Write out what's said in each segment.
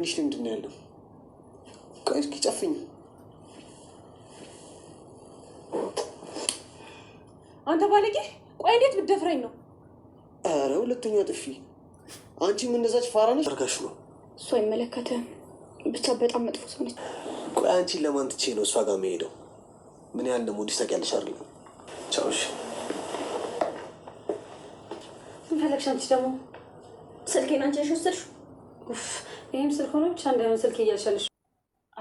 አይንሽ ምንድን ነው ያለው? እስኪ ጨፍኝ። አንተ ባለጌ! ቆይ እንዴት ብደፍረኝ ነው? ኧረ ሁለተኛ ጥፊ! አንቺ የምነዛች ፋራ ነች። አርጋሽ ነው እሱ አይመለከትም። ብቻ በጣም መጥፎ ሰው ነች። ቆይ አንቺን ለማን ትቼ ነው እሷ ጋር መሄደው? ምን ያህል ደግሞ ታውቂያለሽ አይደል? ቻውሽ። ምን ፈለግሽ አንቺ ደግሞ? ስልኬን አንቺ ነሽ ወሰድሽው። ይህም ስልክ ሆኖ ብቻ እንዳይሆን ስልክ እያልሻለሽ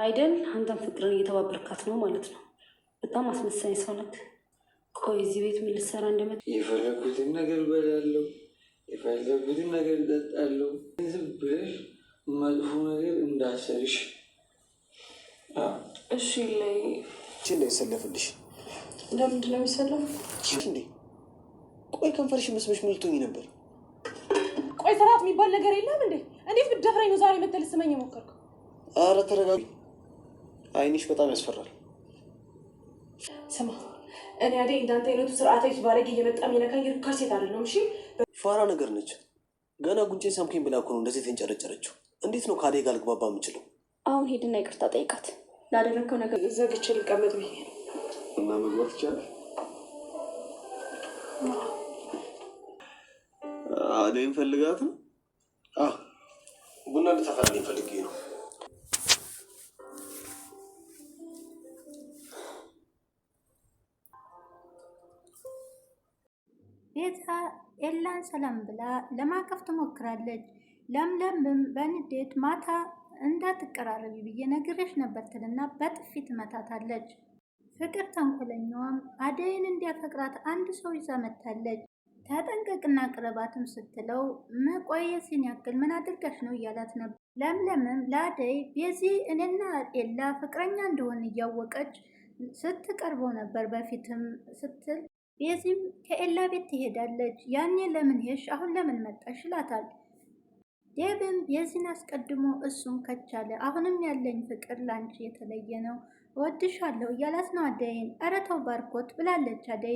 አይደል? አንተን ፍቅርን እየተባበርካት ነው ማለት ነው። በጣም አስመሳኝ ሰው ናት። ቆይ እዚህ ቤት ምን ልትሰራ እንደመጣ የፈለጉትን ነገር በላለው፣ የፈለጉትን ነገር እጠጣለው። ዝም ብለሽ መጥፎ ነገር እንዳሰርሽ እሺ። ላይ እንዳይሰለፍልሽ ለምንድን ነው የሚሰለፍ እንዴ? ቆይ ከንፈርሽ መስመሽ ሞልቶኝ ነበር። ቆይ ስርዓት የሚባል ነገር የለም እንዴ? እንዴት ብደፍረኝ ነው ዛሬ መተህ ልትስመኝ የሞከርከው? አረ ተረጋጊ፣ አይንሽ በጣም ያስፈራል። ስማ እኔ አዴ እንዳንተ አይነቱ ስርዓት ይዝ ባለጌ እየመጣ የሚነካኝ ርካሽ ሴት አይደለሁም። እሺ ፋራ ነገር ነች። ገና ጉንጬን ሳምከኝ ብላ እኮ ነው እንደዚህ ተንጨረጨረችው። እንዴት ነው ከአዴ ጋር ልግባባ የምችለው? አሁን ሄድና ይቅርታ ጠይቃት። ላደረግከው ነገር ዘግቼ ልቀመጥ ብዬ እና መግባት ይቻላል። አዴን ፈልጋትም መምታፈል ፈልጌ ነው። ቤዛ ኤላን ሰላም ብላ ለማቀፍ ትሞክራለች። ለምለምም በንዴት ማታ እንዳትቀራረቢ ብዬ ነግሬሽ ነበር ትልና በጥፊ ትመታታለች። ፍቅር ተንኮለኛዋም አደይን እንዲያፈቅራት አንድ ሰው ይዛ መታለች። ተጠንቀቅና ቅረባትም ስትለው መቆየትን ያክል ምን አድርገሽ ነው እያላት ነበር። ለምለምም ለአደይ ቤዚ እኔና ኤላ ፍቅረኛ እንደሆን እያወቀች ስትቀርበው ነበር በፊትም ስትል ቤዚም ከኤላ ቤት ትሄዳለች። ያኔ ለምን ሄሽ አሁን ለምን መጣሽ ይላታል። ዴብም ቤዚን አስቀድሞ እሱን ከቻለ አሁንም ያለኝ ፍቅር ላንቺ የተለየ ነው እወድሻለሁ እያላት ነው አደይን። ኧረ ተው ባርኮት ብላለች አደይ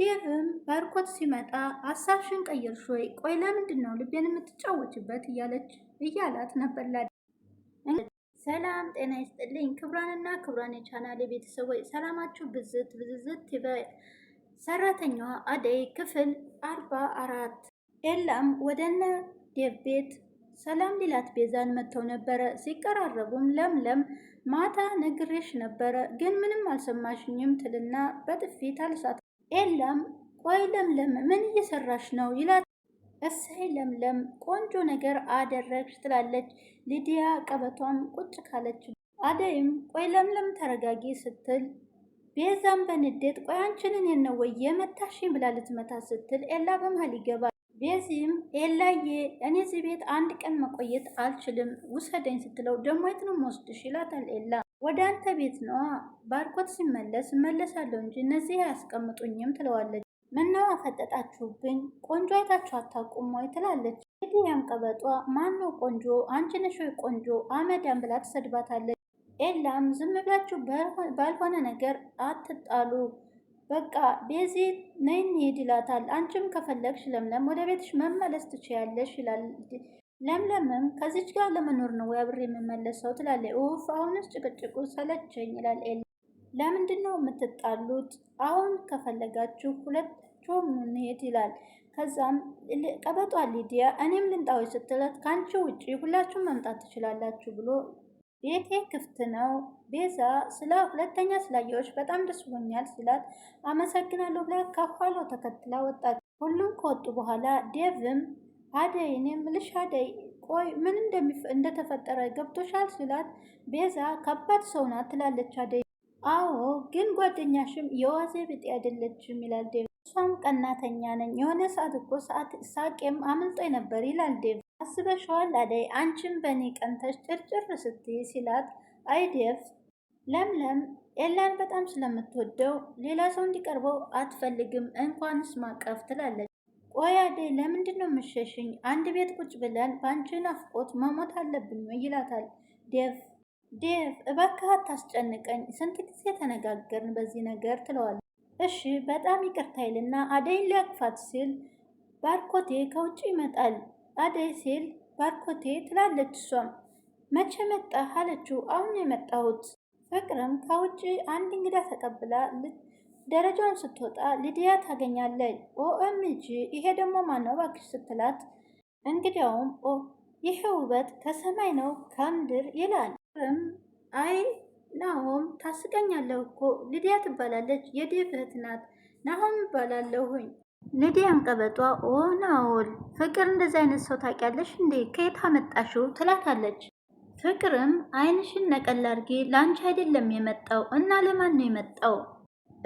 ዴቭም ባርኮት ሲመጣ አሳብሽን ቀየርሽ ወይ? ቆይ ለምንድን ነው ልቤን የምትጫወችበት? እያለች እያላት ነበር ሰላም ጤና ይስጥልኝ ክብራንና ክብራን የቻናል ቤተሰቦች ሰላማችሁ ብዝት ብዝዝት ይበል። ሰራተኛዋ አደይ ክፍል አርባ አራት ኤላም ወደነ ዴቭ ቤት ሰላም ሊላት ቤዛን መጥተው ነበረ። ሲቀራረቡም ለምለም ማታ ነግሬሽ ነበረ ግን ምንም አልሰማሽኝም ትልና በጥፊት አልሳት ኤላም ቆይ ለምለም ምን እየሰራሽ ነው ይላት። እሰይ ለምለም ቆንጆ ነገር አደረግሽ ትላለች ሊዲያ። ቀበቷም ቁጭ ካለች አደይም ቆይ ለምለም ተረጋጊ ስትል ቤዛም በንዴት ቆይ አንቺን እኔን ነው ወይ የመታሽኝ ብላ ልትመታ ስትል ኤላ በመሀል ይገባል። ቤዚም ኤላዬ እኔ እዚህ ቤት አንድ ቀን መቆየት አልችልም ውሰደኝ ስትለው ደግሞ የት ነው የምወስድሽ ይላታል ኤላ ወደ አንተ ቤት ነዋ። ባርኮት ሲመለስ እመለሳለሁ እንጂ እነዚህ አያስቀምጡኝም ትለዋለች። ምነው አፈጠጣችሁብኝ? ቆንጆ አይታችሁ አታውቁም ወይ ትላለች። ኤዲያም ቀበጧ ማነው ቆንጆ? አንቺ ነሽ ወይ ቆንጆ አመዳን ብላ ትሰድባታለች። ኤላም ዝም ብላችሁ ባልሆነ ነገር አትጣሉ በቃ ቤዚ ነይን ሄድ ይላታል። አንቺም ከፈለግሽ ለምለም ወደ ቤትሽ መመለስ ትችያለሽ ይላል። ለምለምም ከዚች ጋር ለመኖር ነው ወይ አብሬ የምመለሰው ትላለች። ኡፍ አሁንስ ጭቅጭቁ ሰለቸኝ ይላል ኤል። ለምንድን ነው የምትጣሉት? አሁን ከፈለጋችሁ ሁለታችሁም እንሄድ ይላል። ከዛም ቀበጧ ሊዲያ እኔም ልንጣዊ ስትለት ከአንቺ ውጪ ሁላችሁም መምጣት ትችላላችሁ ብሎ ቤቴ ክፍት ነው። ቤዛ ስለ ሁለተኛ ስላየዎች በጣም ደስ ብሎኛል ሲላት አመሰግናለሁ ብላ ከኋላው ተከትላ ወጣች። ሁሉም ከወጡ በኋላ ዴቭም አደይ እኔ ምልሽ አደይ ቆይ ምን እንደተፈጠረ ገብቶሻል? ስላት ቤዛ ከባድ ሰው ናት ትላለች አደይ። አዎ ግን ጓደኛሽም የዋዜ ብጤ አይደለችም ይላል ዴቭ። እሷም ቀናተኛ ነኝ የሆነ ሰዓት እኮ ሳቄም አምልጦ ነበር ይላል ዴቭ። አስበሸዋል አደይ አንቺም በእኔ ቀንተሽ ጭርጭር ስትይ ሲላት አይ ዴቭ ለምለም ኤላን በጣም ስለምትወደው ሌላ ሰው እንዲቀርበው አትፈልግም እንኳንስ ማቀፍ ትላለች። ቆይ አደይ ለምንድን ነው አንድ ቤት ቁጭ ብለን በአንቺ ናፍቆት መሞት አለብኝ ይላታል ዴቭ። ዴቭ እባክህ አታስጨንቀኝ፣ ስንት ጊዜ ተነጋገርን በዚህ ነገር ትለዋል። እሺ በጣም ይቅርታ ይልና አደይን ሊያቅፋት ሲል ባርኮቴ ከውጭ ይመጣል። አደይ ሲል ባርኮቴ ትላለች። እሷም መቼ መጣህ አለችው። አሁን የመጣሁት ፍቅርም ከውጭ አንድ እንግዳ ተቀብላ ደረጃውን ስትወጣ ሊዲያ ታገኛለች። ኦኤምጂ ይሄ ደግሞ ማነው እባክሽ ስትላት፣ እንግዲያውም ኦ ይሄ ውበት ከሰማይ ነው ከምድር ይላል። አይ ናሆም ታስቀኛለሁ እኮ ሊዲያ ትባላለች። የዴቭ እህት ናት። ናሆም ይባላለሁኝ። ሊዲያም ቀበጧ ኦ ናውል ፍቅር እንደዚህ አይነት ሰው ታውቂያለሽ እንዴ ከየት አመጣሽው ትላታለች። ፍቅርም አይንሽን ነቀል አድርጊ፣ ለአንቺ አይደለም የመጣው እና ለማን ነው የመጣው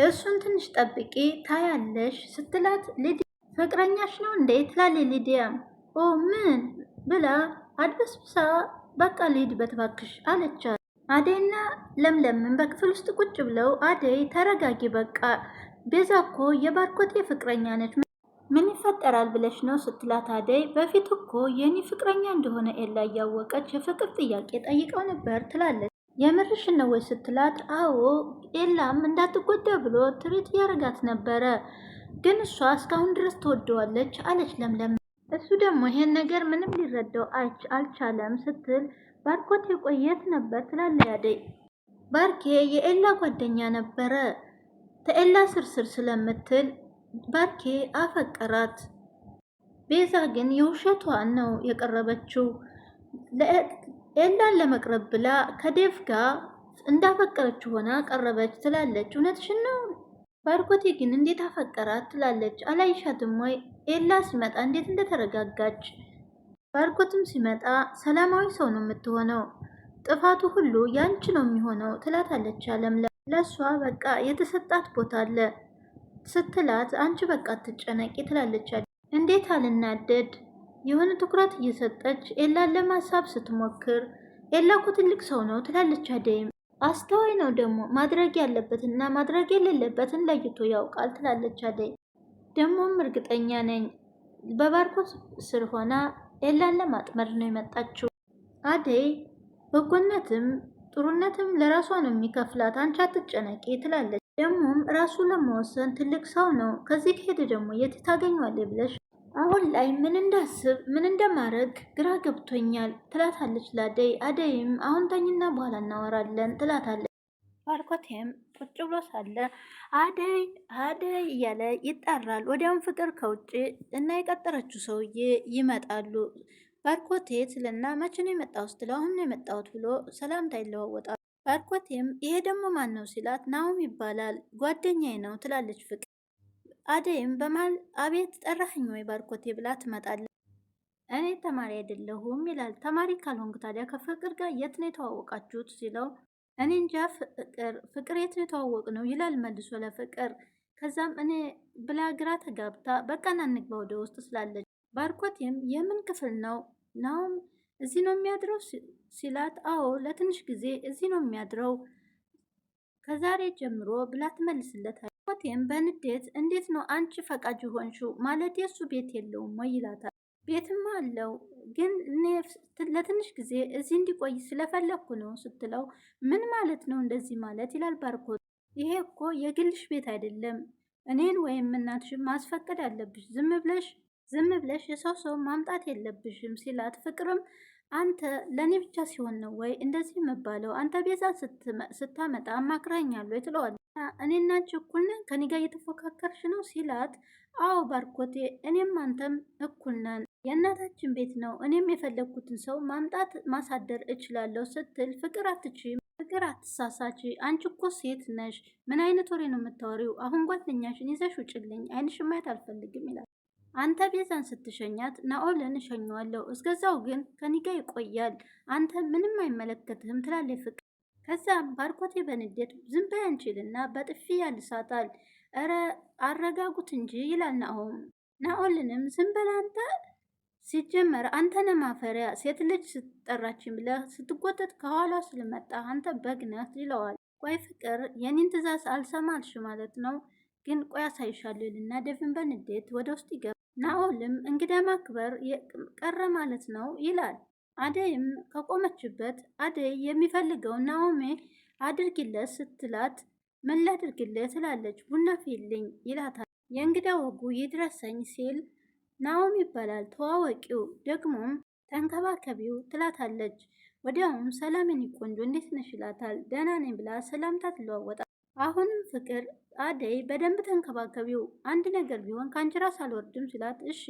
እሱን ትንሽ ጠብቂ ታያለሽ ስትላት ሊዲያ ፍቅረኛሽ ነው እንዴ ትላለች። ሊዲያም ኦ ምን ብላ አድበስብሳ በቃ ሊድ በትባክሽ አለቻት። አደይና ለምለምን በክፍል ውስጥ ቁጭ ብለው አደይ ተረጋጊ፣ በቃ ቤዛ እኮ የባርኮቴ ፍቅረኛ ነች፣ ምን ይፈጠራል ብለሽ ነው ስትላት፣ አደይ በፊት እኮ የኔ ፍቅረኛ እንደሆነ ኤላ እያወቀች የፍቅር ጥያቄ ጠይቀው ነበር ትላለች። የምርሽን ነው ወይ ስትላት፣ አዎ ኤላም እንዳትጎዳ ብሎ ትርኢት ያረጋት ነበረ፣ ግን እሷ እስካሁን ድረስ ትወደዋለች አለች ለምለም። እሱ ደግሞ ይሄን ነገር ምንም ሊረዳው አልቻለም ስትል ባርኮት የቆየት ነበር ትላለች አደይ። ባርኬ የኤላ ጓደኛ ነበረ። ተኤላ ስርስር ስለምትል ባርኬ አፈቀራት። ቤዛ ግን የውሸቷን ነው የቀረበችው ኤላን ለመቅረብ ብላ ከዴቭ ጋር እንዳፈቀረች ሆና ቀረበች ትላለች። እውነትሽን ነው ባርኮቴ ግን እንዴት አፈቀራት ትላለች። አላይሻትም ወይ ኤላ ሲመጣ እንዴት እንደተረጋጋች። ባርኮትም ሲመጣ ሰላማዊ ሰው ነው የምትሆነው፣ ጥፋቱ ሁሉ ያንቺ ነው የሚሆነው ትላታለች። አለም ለእሷ በቃ የተሰጣት ቦታ አለ ስትላት፣ አንቺ በቃ ትጨነቂ ትላለች። እንዴት አልናደድ የሆነ ትኩረት እየሰጠች ኤላን ለማሳብ ስትሞክር ኤላ እኮ ትልቅ ሰው ነው ትላለች። አደይም አስተዋይ ነው ደግሞ ማድረግ ያለበትና ማድረግ የሌለበትን ለይቶ ያውቃል ትላለች። አደይ ደግሞም እርግጠኛ ነኝ በባርኮት ስር ሆና ኤላን ለማጥመድ ነው የመጣችው። አደይ በጎነትም ጥሩነትም ለራሷ ነው የሚከፍላት፣ አንቺ አትጨነቂ ትላለች። ደግሞም ራሱ ለመወሰን ትልቅ ሰው ነው። ከዚህ ከሄደ ደግሞ የት ታገኟል ብለሽ አሁን ላይ ምን እንዳስብ ምን እንደማረግ ግራ ገብቶኛል ትላታለች ለአደይ። አደይም አሁን ተኝና በኋላ እናወራለን ትላታለች። ባርኮቴም ቁጭ ብሎ ሳለ አደይ አደይ እያለ ይጠራል። ወዲያውም ፍቅር ከውጭ እና የቀጠረችው ሰውዬ ይመጣሉ። ባርኮቴ ስልና መቼ ነው የመጣው ስትለው አሁን ነው የመጣሁት ብሎ ሰላምታ ይለዋወጣል። ባርኮቴም ይሄ ደግሞ ማን ነው ሲላት ናሁም ይባላል ጓደኛዬ ነው ትላለች ፍቅር አደይም በመሀል አቤት ጠራኸኝ ወይ ባርኮቴ ብላ ትመጣለች። እኔ ተማሪ አይደለሁም ይላል። ተማሪ ካልሆንክ ታዲያ ከፍቅር ጋር የት ነው የተዋወቃችሁት ሲለው እኔ እንጃ ፍቅር ፍቅር የት ነው የተዋወቅ ነው ይላል መልሶ ለፍቅር። ከዛም እኔ ብላ ግራ ተጋብታ በቃና ንግባ ወደ ውስጥ ስላለች ባርኮቴም የምን ክፍል ነው ናውም እዚህ ነው የሚያድረው ሲላት፣ አዎ ለትንሽ ጊዜ እዚህ ነው የሚያድረው ከዛሬ ጀምሮ ብላ ትመልስለታል። ሆቴም በንዴት እንዴት ነው አንቺ ፈቃጅ ሆንችው ማለት የእሱ ቤት የለውም ወይ ይላታል። ቤትም አለው ግን እኔ ለትንሽ ጊዜ እዚህ እንዲቆይ ስለፈለግኩ ነው ስትለው፣ ምን ማለት ነው እንደዚህ ማለት ይላል ባርኮት። ይሄ እኮ የግልሽ ቤት አይደለም። እኔን ወይም እናትሽ ማስፈቀድ አለብሽ። ዝም ብለሽ ዝም ብለሽ የሰው ሰው ማምጣት የለብሽም ሲላት፣ ፍቅርም አንተ ለእኔ ብቻ ሲሆን ነው ወይ እንደዚህ የምባለው? አንተ ቤዛ ስታመጣ አማክረኛሉ ትለዋለች። እኔና አንቺ እኩል ነን፣ ከኔ ጋር እየተፎካከርሽ ነው ሲላት፣ አዎ ባርኮቴ፣ እኔም አንተም እኩል ነን፣ የእናታችን ቤት ነው፣ እኔም የፈለግኩትን ሰው ማምጣት ማሳደር እችላለሁ ስትል፣ ፍቅር አትችም፣ ፍቅር አትሳሳች፣ አንቺ እኮ ሴት ነሽ፣ ምን አይነት ወሬ ነው የምታወሪው? አሁን ጓደኛሽን ይዘሽ ውጭልኝ፣ አይንሽ ማየት አልፈልግም ይላል። አንተ ቤዛን ስትሸኛት ናኦልን እሸኘዋለሁ፣ እስከዛው ግን ከኔ ጋር ይቆያል፣ አንተ ምንም አይመለከትህም ትላለች ፍቅር ከዛም ባርኮቴ በንዴት ዝም በይ አንቺልና በጥፊ ያልሳታል። እረ አረጋጉት እንጂ ይላል ናሆም። ናኦልንም ዝም በል አንተ ሲጀመር አንተ ነህ ማፈሪያ፣ ሴት ልጅ ስትጠራችን ብለህ ስትጎተት ከኋላ ስለመጣ አንተ በግነት ይለዋል። ቆይ ፍቅር የኔን ትእዛዝ አልሰማልሽ ማለት ነው? ግን ቆይ አሳይሻለሁ ይልና ደፍን በንዴት ወደ ውስጥ ይገባ። ናኦልም እንግዳ ማክበር ቀረ ማለት ነው ይላል። አደይም ከቆመችበት አደይ የሚፈልገው ናኦሜ አድርጊለት ስትላት ምን ላድርግልህ ትላለች። ቡና ፊልኝ ይላታል። የእንግዳ ወጉ ይድረሰኝ ሲል ናኦም ይባላል ተዋወቂው፣ ደግሞም ተንከባከቢው ትላታለች። ወዲያውም ሰላም ይቆንጆ እንዴት ነሽ ይላታል። ደህና ነኝ ብላ ሰላምታ ትለዋወጣል። አሁንም ፍቅር አደይ በደንብ ተንከባከቢው፣ አንድ ነገር ቢሆን ከአንቺ ራስ አልወርድም ሲላት እሺ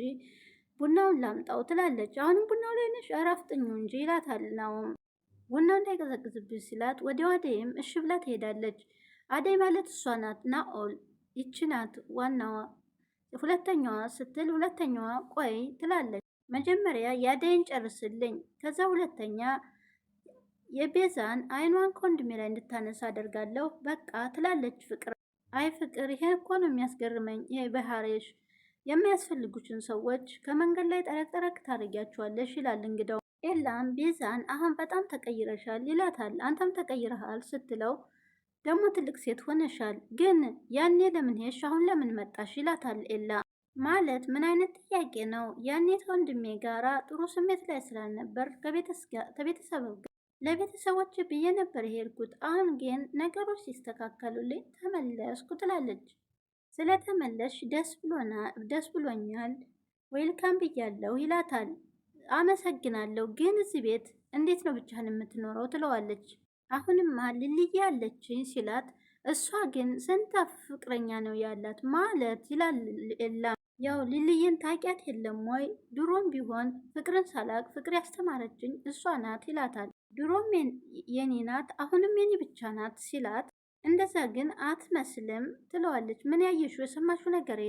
ቡናውን ላምጣው ትላለች። አሁንም ቡናው ላይ ነሽ አራፍጥኙ እንጂ ይላታል ናውም። ቡናው እንዳይቀዘቅዝብሽ ሲላት ወዲያው አደይም እሺ ብላ ትሄዳለች። አደይ ማለት እሷ ናት። ናኦል ይቺ ናት ዋናዋ፣ ሁለተኛዋ ስትል ሁለተኛዋ ቆይ ትላለች። መጀመሪያ የአደይን ጨርስልኝ፣ ከዛ ሁለተኛ የቤዛን አይኗን ከወንድሜ ላይ እንድታነሳ አደርጋለሁ በቃ ትላለች። ፍቅር አይ ፍቅር፣ ይሄ እኮ ነው የሚያስገርመኝ ይሄ ባህሪሽ የሚያስፈልጉችን ሰዎች ከመንገድ ላይ ጠረቅ ጠረቅ ታደርጊያቸዋለሽ ይላል እንግዳው። ኤላም ቤዛን አሁን በጣም ተቀይረሻል ይላታል። አንተም ተቀይረሃል ስትለው ደግሞ ትልቅ ሴት ሆነሻል፣ ግን ያኔ ለምን ሄሽ አሁን ለምን መጣሽ ይላታል ኤላ። ማለት ምን አይነት ጥያቄ ነው? ያኔ ከወንድሜ ጋራ ጥሩ ስሜት ላይ ስላልነበር ከቤተሰብ ለቤተሰቦች ብዬ ነበር የሄድኩት። አሁን ግን ነገሮች ሲስተካከሉልኝ ተመለስኩ ትላለች። ስለተመለሽ ደስ ብሎኛል፣ ዌልካም ብያለው ይላታል። አመሰግናለሁ፣ ግን እዚህ ቤት እንዴት ነው ብቻህን የምትኖረው ትለዋለች። አሁንማ ልልዬ ያለችኝ ሲላት፣ እሷ ግን ስንት ፍቅረኛ ነው ያላት ማለት ይላል። ያው ልልዬን ታውቂያት የለም ወይ? ድሮም ቢሆን ፍቅርን ሳላቅ ፍቅር ያስተማረችኝ እሷ ናት ይላታል። ድሮም የኔ ናት፣ አሁንም የኔ ብቻ ናት ሲላት እንደዛ ግን አትመስልም ትለዋለች። ምን ያየሽው የሰማሽው ነገር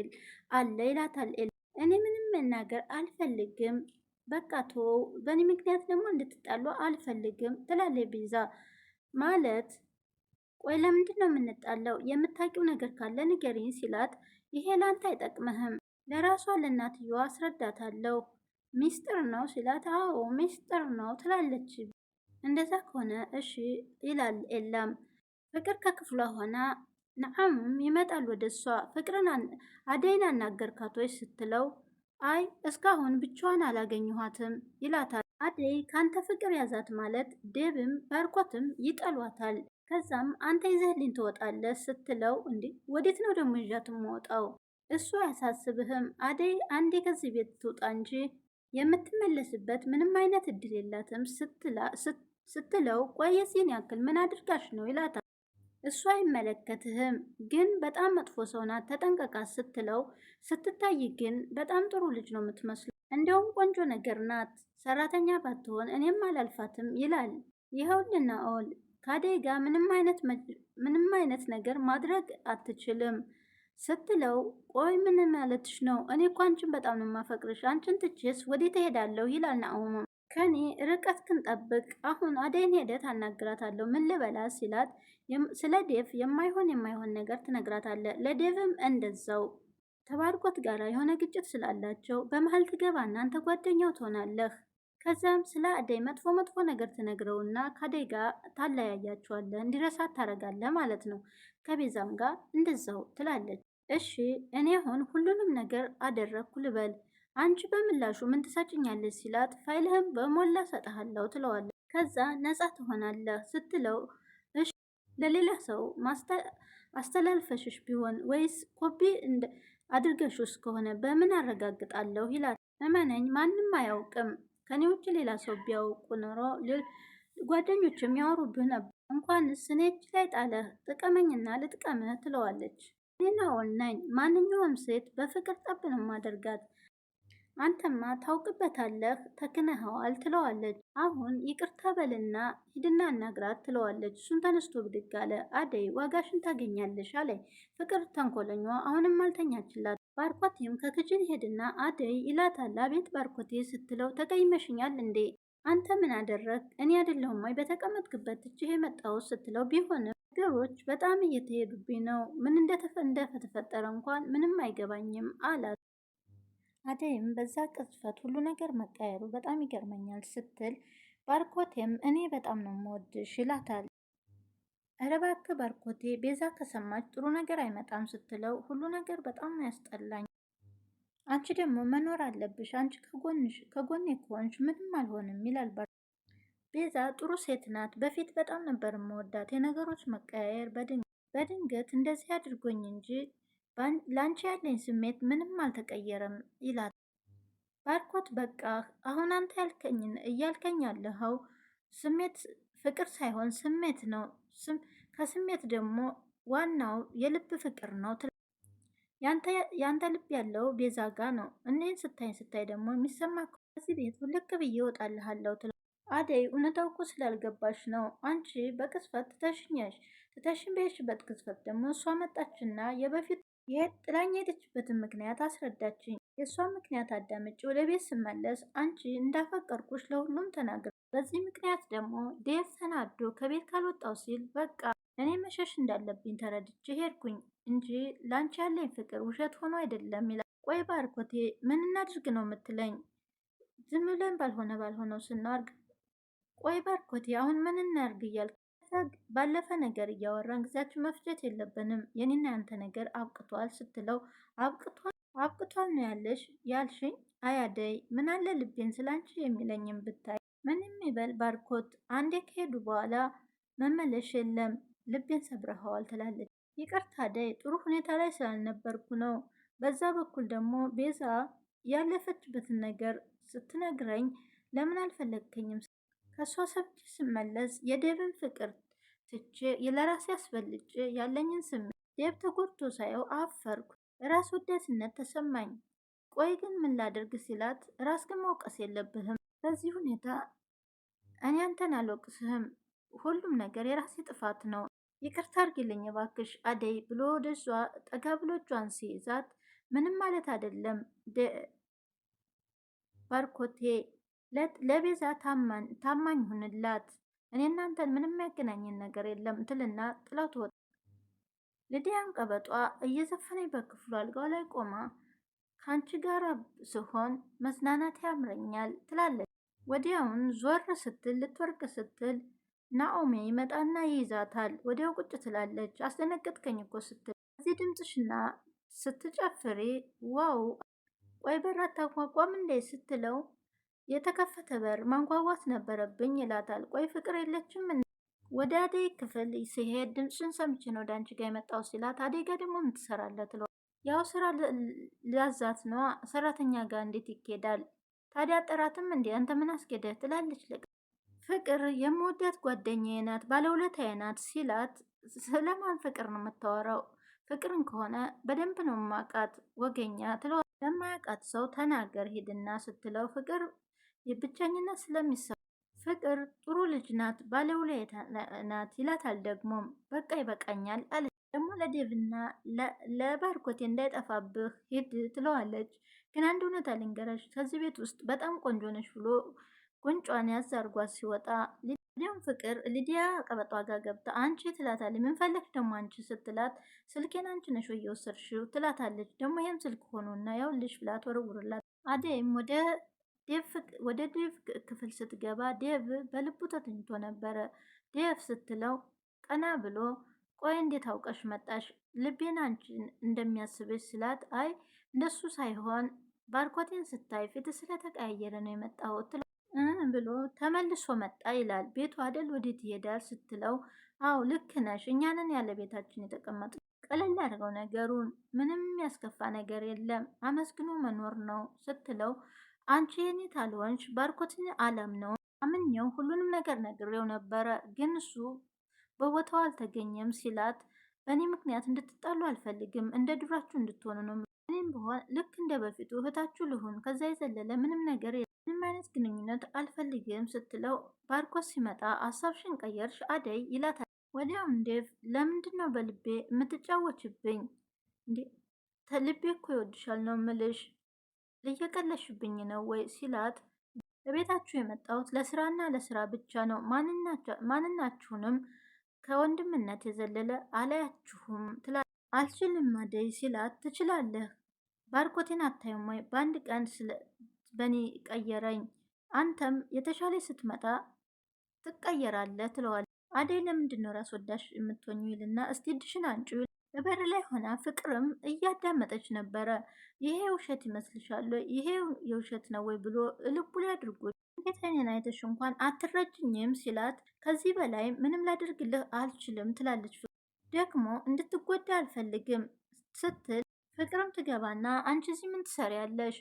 አለ ይላታል። እኔ ምንም መናገር አልፈልግም በቃ ቶ በእኔ ምክንያት ደግሞ እንድትጣሉ አልፈልግም ትላለች ቤዛ። ማለት ቆይ ለምንድን ነው የምንጣለው? የምታውቂው ነገር ካለ ንገሪኝ ሲላት ይሄ ላንተ አይጠቅምህም፣ ለራሷ ለእናትየዋ አስረዳታለሁ። ሚስጥር ነው ሲላት አዎ ሚስጥር ነው ትላለች። እንደዛ ከሆነ እሺ ይላል ኤላም። ፍቅር ከክፍሏ ሆና ነዓምም ይመጣል ወደ እሷ። ፍቅርን አደይን አናገርካቶች ስትለው አይ እስካሁን ብቻዋን አላገኘኋትም ይላታል። አደይ ከአንተ ፍቅር ያዛት ማለት ዴብም ባርኮትም ይጠሏታል። ከዛም አንተ ይዘህልኝ ትወጣለህ ስትለው እንዴ ወዴት ነው ደግሞ ይዣት የምወጣው? እሱ አያሳስብህም። አደይ አንዴ ከዚህ ቤት ትውጣ እንጂ የምትመለስበት ምንም አይነት እድል የላትም ስትለው ቆየሲን ያክል ምን አድርጋሽ ነው ይላታል። እሱ አይመለከትህም፣ ግን በጣም መጥፎ ሰው ናት ተጠንቀቃት ስትለው ስትታይ ግን በጣም ጥሩ ልጅ ነው የምትመስለው። እንደውም ቆንጆ ነገር ናት፣ ሰራተኛ ባትሆን እኔም አላልፋትም ይላል። ይኸውልና ኦል ካደይ ጋር ምንም አይነት ነገር ማድረግ አትችልም ስትለው ቆይ ምን ማለትሽ ነው? እኔ እኮ አንቺን በጣም ነው የማፈቅርሽ። አንቺን ትቼስ ወዴት እሄዳለሁ? ይላል ናኦምም ከኔ ርቀት ክንጠብቅ ጠብቅ። አሁን አደይን ሄደህ ታናግራታለሁ። ምን ልበላ ሲላት ስለ ዴቭ የማይሆን የማይሆን ነገር ትነግራታለህ። ለዴቭም እንደዛው ተባርኮት ጋር የሆነ ግጭት ስላላቸው በመሀል ትገባና አንተ ጓደኛው ትሆናለህ። ከዛም ስለ አደይ መጥፎ መጥፎ ነገር ትነግረውና ከአደይ ጋር ታለያያቸዋለህ። እንዲረሳት ታደርጋለህ ማለት ነው። ከቤዛም ጋር እንደዛው ትላለች። እሺ እኔ አሁን ሁሉንም ነገር አደረግኩ ልበል አንቺ በምላሹ ምን ትሰጭኛለች ሲላት ፋይልህን በሞላ ሰጠሃለው ትለዋለች። ከዛ ነጻ ትሆናለህ ስትለው እሺ ለሌላ ሰው አስተላልፈሽሽ ቢሆን ወይስ ኮፒ አድርገሽ ውስጥ ከሆነ በምን አረጋግጣለሁ ይላል። እመነኝ ማንም አያውቅም። ከኔ ውጭ ሌላ ሰው ቢያውቁ ኖሮ ጓደኞችም ያወሩብህ ነበር። እንኳንስ እኔ እጅ ላይ ጣለህ ጥቀመኝና ልጥቀምህ ትለዋለች። ዜናውን ነኝ ማንኛውም ሴት በፍቅር ጠብንም አደርጋት አንተማ ታውቅበታለህ ተክነኸዋል ትለዋለች። አሁን ይቅርታ በልና ሂድና አናግራት ትለዋለች። እሱም ተነስቶ ብድግ አለ። አደይ ዋጋሽን ታገኛለሽ አለይ። ፍቅር ተንኮለኛ አሁንም አልተኛችላት። ባርኮቴም ከክችን ሄድና አደይ ይላታል። አቤት ባርኮቴ ስትለው ተቀይመሽኛል እንዴ አንተ ምን አደረግ? እኔ አይደለሁም ወይ በተቀመጥክበት ትችህ የመጣው ስትለው ቢሆንም ነገሮች በጣም እየተሄዱብኝ ነው። ምን እንደተፈጠረ እንኳን ምንም አይገባኝም አላት። አደይም በዛ ቅጽበት ሁሉ ነገር መቀየሩ በጣም ይገርመኛል ስትል ባርኮቴም እኔ በጣም ነው የምወድሽ ይላታል። ኧረ እባክህ ባርኮቴ ቤዛ ከሰማች ጥሩ ነገር አይመጣም ስትለው ሁሉ ነገር በጣም ያስጠላኝ፣ አንቺ ደግሞ መኖር አለብሽ፣ አንቺ ከጎኔ ከሆንሽ ምንም አልሆንም ይላል። ቤዛ ጥሩ ሴት ናት፣ በፊት በጣም ነበር የምወዳት። የነገሮች መቀያየር በድንገት እንደዚህ አድርጎኝ እንጂ ለአንቺ ያለኝ ስሜት ምንም አልተቀየረም ይላል። ባርኮት በቃ አሁን አንተ ያልከኝን እያልከኝ ያለኸው ስሜት ፍቅር ሳይሆን ስሜት ነው። ከስሜት ደግሞ ዋናው የልብ ፍቅር ነው። ያንተ ልብ ያለው ቤዛ ጋ ነው። እኔን ስታይ ስታይ ደግሞ የሚሰማ ከዚህ ቤት ልክ ብዬ እወጣልሃለሁ ትላ አደይ እውነታው እኮ ስላልገባሽ ነው። አንቺ በቅስፈት ትተሽኛሽ ትተሽን በሄድሽበት ቅስፈት ደግሞ እሷ መጣችና የበፊት ይሄ ጥላኝ የሄደችበትን ምክንያት አስረዳችኝ። የእሷን ምክንያት አዳምጬ ወደ ቤት ስመለስ አንቺ እንዳፈቀርኩሽ ለሁሉም ተናግር። በዚህ ምክንያት ደግሞ ዴቭ ተናዶ ከቤት ካልወጣው ሲል በቃ እኔ መሸሽ እንዳለብኝ ተረድቼ ሄድኩኝ እንጂ ላንቺ ያለኝ ፍቅር ውሸት ሆኖ አይደለም ይላል። ቆይ ባርኮቴ ምን እናድርግ ነው የምትለኝ? ዝም ብለን ባልሆነ ባልሆነው ስናርግ ቆይ ባርኮቴ አሁን ምን እናርግ እያልክ ባለፈ ነገር እያወራን ጊዜያችን መፍጀት የለብንም። የኔና ያንተ ነገር አብቅቷል ስትለው አብቅቷል ነው ያለሽ ያልሽኝ? አያደይ ምን አለ ልቤን ስላንቺ የሚለኝም ብታይ ምንም ይበል ባርኮት፣ አንዴ ከሄዱ በኋላ መመለሽ የለም ልቤን ሰብረኸዋል ትላለች። ይቅርታ አደይ፣ ጥሩ ሁኔታ ላይ ስላልነበርኩ ነው። በዛ በኩል ደግሞ ቤዛ ያለፈችበትን ነገር ስትነግረኝ ለምን አልፈለግከኝም ከእሷ ሰብች ስመለስ የደብን ፍቅር ትቼ ለራሴ አስፈልጬ ያለኝን ስሜት ደብ ተጎድቶ ሳየው አፈርኩ። ራስ ወዳድነት ተሰማኝ። ቆይ ግን ምን ላደርግ ሲላት ራስ ግን መውቀስ የለብህም በዚህ ሁኔታ እኔ አንተን አልወቅስህም። ሁሉም ነገር የራሴ ጥፋት ነው። ይቅርታ አድርጊልኝ ባክሽ አደይ ብሎ ወደሷ ጠጋ ብሎ እጇን ሲይዛት ምንም ማለት አይደለም ባርኮቴ ለቤዛ ታማኝ ሁንላት፣ እኔ እናንተን ምንም የሚያገናኝን ነገር የለም ትልና ጥላት ወጥ ልዲያን ቀበጧ እየዘፈነኝ በክፍሉ አልጋው ላይ ቆማ ከአንቺ ጋር ስሆን መዝናናት ያምረኛል ትላለች። ወዲያውን ዞር ስትል ልትወርቅ ስትል ናኦሜ ይመጣና ይይዛታል። ወዲያው ቁጭ ትላለች። አስደነገጥከኝ እኮ ስትል እዚህ ድምፅሽና ስትጨፍሪ ዋው ቆይ በራ ታቋቋም እንዴ ስትለው የተከፈተ በር ማንኳኳት ነበረብኝ ይላታል። ቆይ ፍቅር የለችም ወደ አደይ ክፍል ሲሄድ ድምፅን ሰምቼ ነው ወደ አንቺ ጋር የመጣው ሲላት፣ አደይ ጋር ደግሞ የምትሰራለት ለ ያው ስራ ላዛት ነዋ ሰራተኛ ጋር እንዴት ይኬዳል ታዲያ ጠራትም እንዴ አንተ ምን አስኬደህ ትላለች። ልቅ ፍቅር የምወዳት ጓደኛዬ ናት ባለውለታዬ ናት ሲላት፣ ስለማን ፍቅር ነው የምታወራው? ፍቅርን ከሆነ በደንብ ነው ማቃት ወገኛ ትለ ለማያቃት ሰው ተናገር ሂድና ስትለው ፍቅር የብቸኝነት ስለሚሰማ ፍቅር ጥሩ ልጅ ናት፣ ባለውለታ ናት ይላታል። ደግሞም በቃ ይበቃኛል አለ። ደግሞ ለዴቭና ለባርኮቴ እንዳይጠፋብህ ሂድ ትለዋለች። ግን አንድ እውነት አልንገረሽ ከዚህ ቤት ውስጥ በጣም ቆንጆ ነሽ ብሎ ጉንጯን ያዝ አርጓት ሲወጣ ሊዲያም ፍቅር ሊዲያ ቀበጧ ጋር ገብታ አንቺ ትላታለች። ምንፈለግ ደግሞ አንቺ ስትላት ስልኬን አንቺ ነሽ እየወሰድሽው ትላታለች። ደግሞ ይህም ስልክ ሆኖና ያውልሽ ብላት ወርውርላት አደይም ወደ ወደ ዴቭ ክፍል ስትገባ ዴቭ በልቡ ተተኝቶ ነበረ። ዴቭ ስትለው ቀና ብሎ ቆይ እንዴት አውቀሽ መጣሽ? ልቤን አንቺን እንደሚያስብሽ ስላት አይ እንደሱ ሳይሆን ባርኮቴን ስታይ ፊት ስለተቀያየረ ነው የመጣሁት ብሎ ተመልሶ መጣ ይላል። ቤቱ አደል ወዴት ይሄዳል ስትለው አው ልክ ነሽ፣ እኛንን ያለ ቤታችን የተቀመጡ ቀለል ያደርገው ነገሩን ምንም የሚያስከፋ ነገር የለም አመስግኖ መኖር ነው ስትለው አንቺ የኔ ታልሆንሽ ባርኮትን አለም ነው አምኜው ሁሉንም ነገር ነግሬው ነበረ፣ ግን እሱ በቦታው አልተገኘም ሲላት በእኔ ምክንያት እንድትጣሉ አልፈልግም። እንደ ድራችሁ እንድትሆኑ ነው። እኔም ብሆን ልክ እንደ በፊቱ እህታችሁ ልሁን። ከዛ የዘለለ ምንም ነገር ምንም አይነት ግንኙነት አልፈልግም ስትለው ባርኮት ሲመጣ ሀሳብሽን ቀየርሽ አደይ ይላታል። ወዲያው እንዴቭ ለምንድን ነው በልቤ የምትጫወችብኝ? ልቤ እኮ ይወድሻል ነው ምልሽ እየቀለሽብኝ ነው ወይ ሲላት በቤታችሁ የመጣሁት ለስራና ለስራ ብቻ ነው። ማንናችሁንም ከወንድምነት የዘለለ አላያችሁም ትላ አልችልም አደይ ሲላት ትችላለህ። ባርኮቴን አታይም ወይ? በአንድ ቀን በኔ ቀየረኝ። አንተም የተሻለ ስትመጣ ትቀየራለህ ትለዋል። አደይ ለምንድን ነው ራስ ወዳሽ ይልና እስቲ ድሽን አንጩ በር ላይ ሆና ፍቅርም እያዳመጠች ነበረ። ይሄ ውሸት ይመስልሻል? ይሄ የውሸት ነው ወይ ብሎ ልቡ ላይ አድርጎት ጌታዬን አይተሽ እንኳን አትረጅኝም ሲላት፣ ከዚህ በላይ ምንም ላደርግልህ አልችልም ትላለች። ደግሞ እንድትጎዳ አልፈልግም ስትል ፍቅርም ትገባና አንቺ እዚህ ምን ትሰሪያለሽ?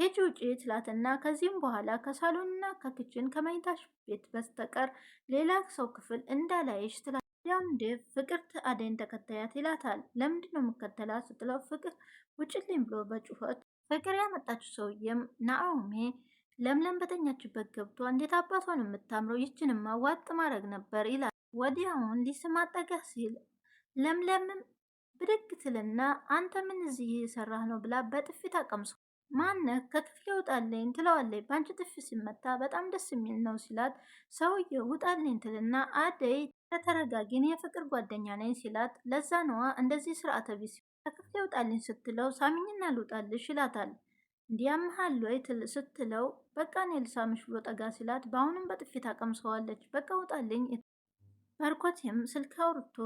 ሄጂ ውጪ ትላትና ከዚህም በኋላ ከሳሎንና ከክችን ከመኝታሽ ቤት በስተቀር ሌላ ሰው ክፍል እንዳላይሽ ትላ ያም ዴቭ ፍቅር አደይን ተከታያት ይላታል። ለምንድን ነው የምከተላት ስትለው ፍቅር ውጭልኝ ብሎ በጩኸት ፍቅር ያመጣችው ሰውዬም ናኦሜ ለምለም በተኛችበት ገብቶ እንዴት አባቷን የምታምረው ይችንማ ዋጥ ማድረግ ነበር ይላል። ወዲያውን ሊስማጠጋ ሲል ለምለምም ብድግ ትልና አንተ ምን እዚህ የሰራህ ነው ብላ በጥፊ ታቀምሶ ማነ ከክፍሌ ውጣልኝ ትለዋለች። በአንቺ ጥፊ ሲመታ በጣም ደስ የሚል ነው ሲላት ሰውየው ውጣልኝ ትልና አደይ ከተረጋጊ የፍቅር ጓደኛ ነኝ ሲላት፣ ለዛ ነዋ እንደዚህ ስርዓተ ቢስ ከክፍል ያውጣልኝ ስትለው ሳሚኝና ልውጣልሽ ይላታል። እንዲያምሃል ወይ ስትለው በቃ እኔ ልሳምሽ ብሎ ጠጋ ሲላት፣ በአሁኑም በጥፊት አቀምሰዋለች። በቃ ውጣልኝ። መርኮቴም ስልክ አውርቶ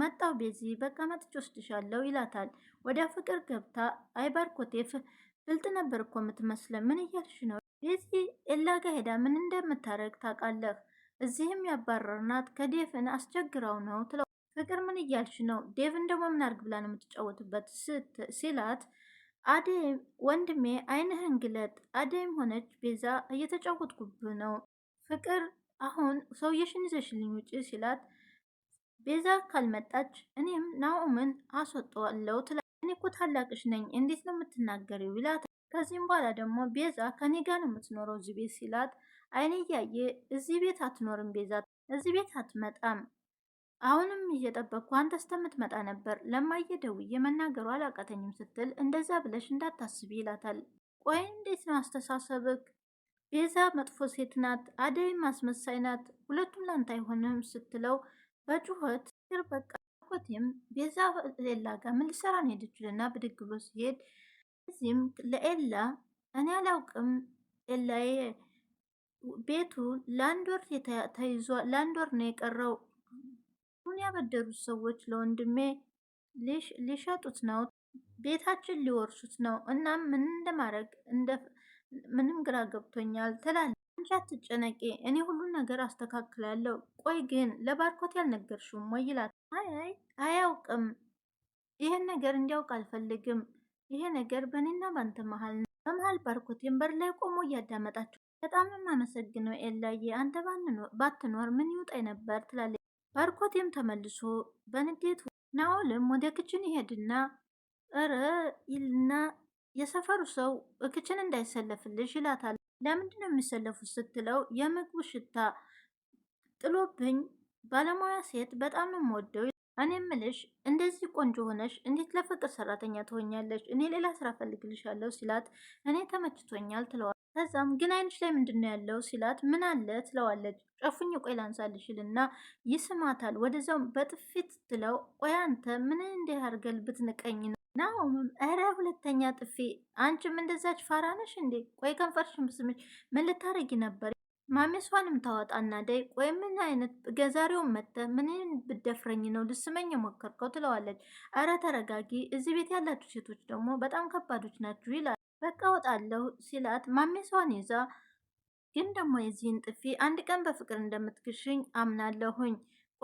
መጣው ቤዚ በቃ መጥጭ ወስድሻለሁ ይላታል። ወደ ፍቅር ገብታ አይ ባርኮቴ ብልጥ ነበር እኮ የምትመስለ ምን እያልሽ ነው? ቤዚ ኤላ ጋ ሄዳ ምን እንደምታረግ ታውቃለህ እዚህም ያባረርናት ከዴቭን አስቸግራው ነው ትለው። ፍቅር ምን እያልሽ ነው? ዴቭን ደግሞ ምን አርግ ብላ ነው የምትጫወትበት ሲላት አዴ ወንድሜ አይንህን ግለጥ፣ አዴም ሆነች ቤዛ እየተጫወትኩብ ነው። ፍቅር አሁን ሰውየሽን ይዘሽልኝ ውጪ ሲላት ቤዛ ካልመጣች እኔም ናኦምን አስወጣዋለሁ ትላ እኔ እኮ ታላቅሽ ነኝ እንዴት ነው የምትናገሪው? ይላት ከዚህም በኋላ ደግሞ ቤዛ ከኔ ጋር ነው የምትኖረው እዚህ ቤት ሲላት አይን እዚህ ቤት አትኖርም ቤዛ፣ እዚህ ቤት አትመጣም። አሁንም እየጠበቅኩ አንተ እስከምትመጣ ነበር። ለማየ ደውዬ መናገሩ አላቃተኝም ስትል እንደዛ ብለሽ እንዳታስቢ ይላታል። ቆይ እንዴት ነው አስተሳሰብክ? ቤዛ መጥፎ ሴት ናት፣ አደይ አስመሳይ ናት፣ ሁለቱም ላንተ አይሆንም ስትለው በጩኸት ር በቃ ኮቴም ቤዛ ሌላ ጋር ምን ልሰራ ነው ሄደችልና ብድግ ብሎ ሲሄድ እዚህም ለኤላ እኔ አላውቅም ኤላዬ ቤቱ ለአንድ ወር ተይዞ ለአንድ ወር ነው የቀረው። ሁን ያበደሩት ሰዎች ለወንድሜ ሊሸጡት ነው፣ ቤታችን ሊወርሱት ነው። እናም ምን እንደማድረግ ምንም ግራ ገብቶኛል ትላለች። አንቺ አትጨነቂ፣ እኔ ሁሉን ነገር አስተካክላለሁ። ቆይ ግን ለባርኮት ያልነገርሽውም ወይ ይላት። አይ አያውቅም፣ ይህን ነገር እንዲያውቅ አልፈልግም። ይሄ ነገር በእኔና ባንተ መሀል ነው። በመሀል ባርኮቴን በር ላይ ቆሞ እያዳመጣቸው በጣም የማመሰግነው ኤላዬ፣ አንተ ባትኖር ምን ይውጣ ነበር ትላለች። ባርኮቴም ተመልሶ በንዴት ናኦልም ወደ ክችን ይሄድና እረ ይልና የሰፈሩ ሰው ክችን እንዳይሰለፍልሽ ይላታል። ለምንድን ነው የሚሰለፉት ስትለው የምግቡ ሽታ ጥሎብኝ ባለሙያ ሴት በጣም ነው የምወደው። እኔ ምልሽ እንደዚህ ቆንጆ ሆነሽ እንዴት ለፍቅር ሰራተኛ ትሆኛለሽ? እኔ ሌላ ስራ ፈልግልሻለሁ ሲላት እኔ ተመችቶኛል ትለዋል። ከዛም ግን አይንሽ ላይ ምንድን ነው ያለው ሲላት ምን አለ ትለዋለች። ጨፉኝ ቆይ ላንሳልሽ ይልና ይስማታል። ወደዛው በጥፊት ትለው። ቆይ አንተ ምን እንዲህ አድርገል ብትንቀኝ ነው ኧረ ሁለተኛ ጥፊ አንቺም እንደዛች ፋራ ነሽ እንዴ? ቆይ ከንፈርሽን ብስምሽ ምን ልታረጊ ነበር? ማሜሷንም ታወጣና ደይ ቆይ ምን አይነት ገዛሬውን መተ ምን ብደፍረኝ ነው ልስመኝ የሞከርከው ትለዋለች። አረ ተረጋጊ፣ እዚህ ቤት ያላችሁ ሴቶች ደግሞ በጣም ከባዶች ናችሁ ይላል። በቃ እወጣለሁ ሲላት ማሜሷን ይዛ ግን ደግሞ የዚህን ጥፊ አንድ ቀን በፍቅር እንደምትክሽኝ አምናለሁኝ።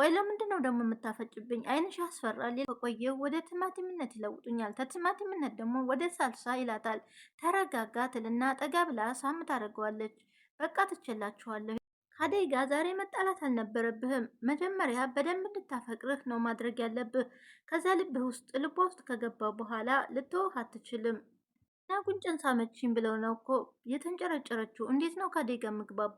ቆይ ለምንድን ነው ደግሞ የምታፈጭብኝ? አይንሽ ያስፈራል። ከቆየ ወደ ቲማቲምነት ይለውጡኛል፣ ከቲማቲምነት ደግሞ ወደ ሳልሳ ይላታል። ተረጋጋ ትልና ጠጋ ብላ ሳም ታደርገዋለች። በቃ ትችላችኋለሁ። ከአደይ ጋ ዛሬ መጣላት አልነበረብህም። መጀመሪያ በደንብ እንድታፈቅርህ ነው ማድረግ ያለብህ። ከዛ ልብህ ውስጥ ልቧ ውስጥ ከገባ በኋላ ልትወህ አትችልም። ጉንጭን ሳመችኝ ብለው ነው እኮ የተንጨረጨረችው። እንዴት ነው ካዴጋ ምግባባ?